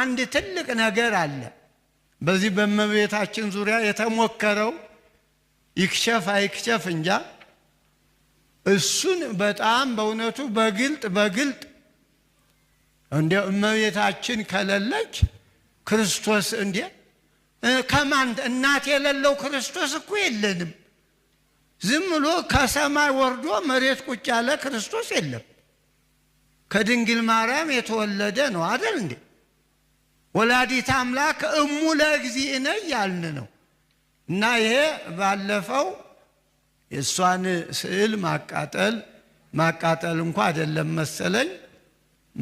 አንድ ትልቅ ነገር አለ። በዚህ በእመቤታችን ዙሪያ የተሞከረው ይክሸፍ አይክሸፍ እንጃ። እሱን በጣም በእውነቱ በግልጥ በግልጥ እንደ እመቤታችን ከሌለች ክርስቶስ እንዴ ከማን እናት የሌለው ክርስቶስ እኮ የለንም። ዝም ብሎ ከሰማይ ወርዶ መሬት ቁጭ ያለ ክርስቶስ የለም። ከድንግል ማርያም የተወለደ ነው አደል እንዴ? ወላዲት አምላክ እሙ ለእግዚእነ ያልን ነው እና ይሄ ባለፈው የእሷን ስዕል ማቃጠል ማቃጠል እንኳ አይደለም መሰለኝ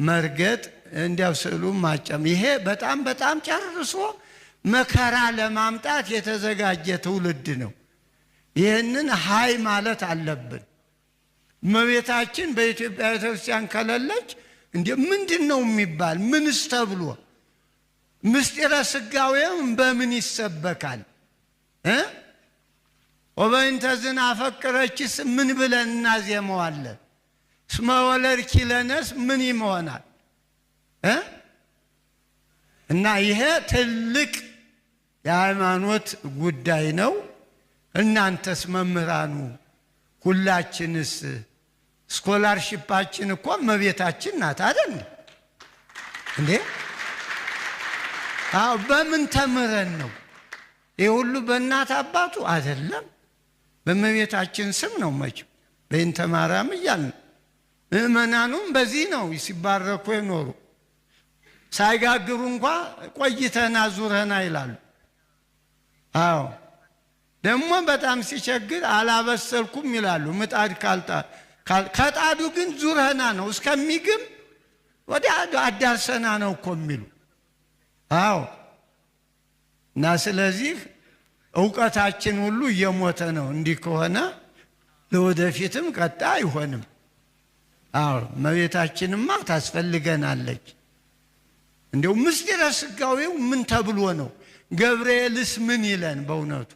መርገጥ እንዲያው ስዕሉም ማጨም ይሄ በጣም በጣም ጨርሶ መከራ ለማምጣት የተዘጋጀ ትውልድ ነው። ይህንን ሀይ ማለት አለብን። እመቤታችን በኢትዮጵያ ቤተክርስቲያን ከሌለች እንዲ ምንድን ነው የሚባል ምንስ ተብሎ ምስጢረ ስጋዌም በምን ይሰበካል? ወበእንተዝን አፈቅረችስ ምን ብለን እናዜመዋለን? እስመ ወለድኪ ለነስ ምን ይመሆናል? እና ይሄ ትልቅ የሃይማኖት ጉዳይ ነው። እናንተስ መምህራኑ ሁላችንስ ስኮላርሽፓችን እኮ እመቤታችን ናት አይደል እንዴ? በምን ተምረን ነው? ይህ ሁሉ በእናት አባቱ አይደለም፣ በእመቤታችን ስም ነው። መቼም በእንተ ማርያም እያልን ምእመናኑም በዚህ ነው ሲባረኩ የኖሩ ሳይጋግሩ እንኳ ቆይተና ዙረና ይላሉ። አዎ ደግሞ በጣም ሲቸግር አላበሰልኩም ይላሉ። ምጣድ ከጣዱ ግን ዙረና ነው እስከሚግም ወዲያ አዳርሰና ነው እኮ የሚሉ አዎ። እና ስለዚህ እውቀታችን ሁሉ እየሞተ ነው። እንዲህ ከሆነ ለወደፊትም ቀጣ አይሆንም። አዎ መቤታችንማ ታስፈልገናለች። እንዲሁ ምስጢረ ስጋዌው ምን ተብሎ ነው? ገብርኤልስ ምን ይለን? በእውነቱ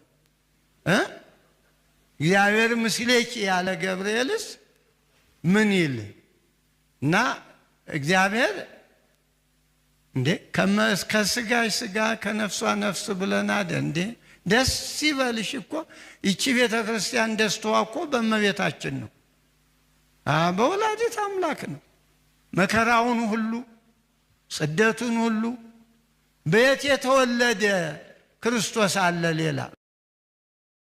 እግዚአብሔር ምስሌኪ ያለ ገብርኤልስ ምን ይል እና እግዚአብሔር እንዴ ከስጋሽ ስጋ ከነፍሷ ነፍስ አደ እንዴ ደስ ሲበልሽ እኮ ይቺ ቤተ ክርስቲያን ደስተዋ እኮ በእመቤታችን ነው፣ በወላዲት አምላክ ነው። መከራውን ሁሉ ስደቱን ሁሉ በየት የተወለደ ክርስቶስ አለ ሌላ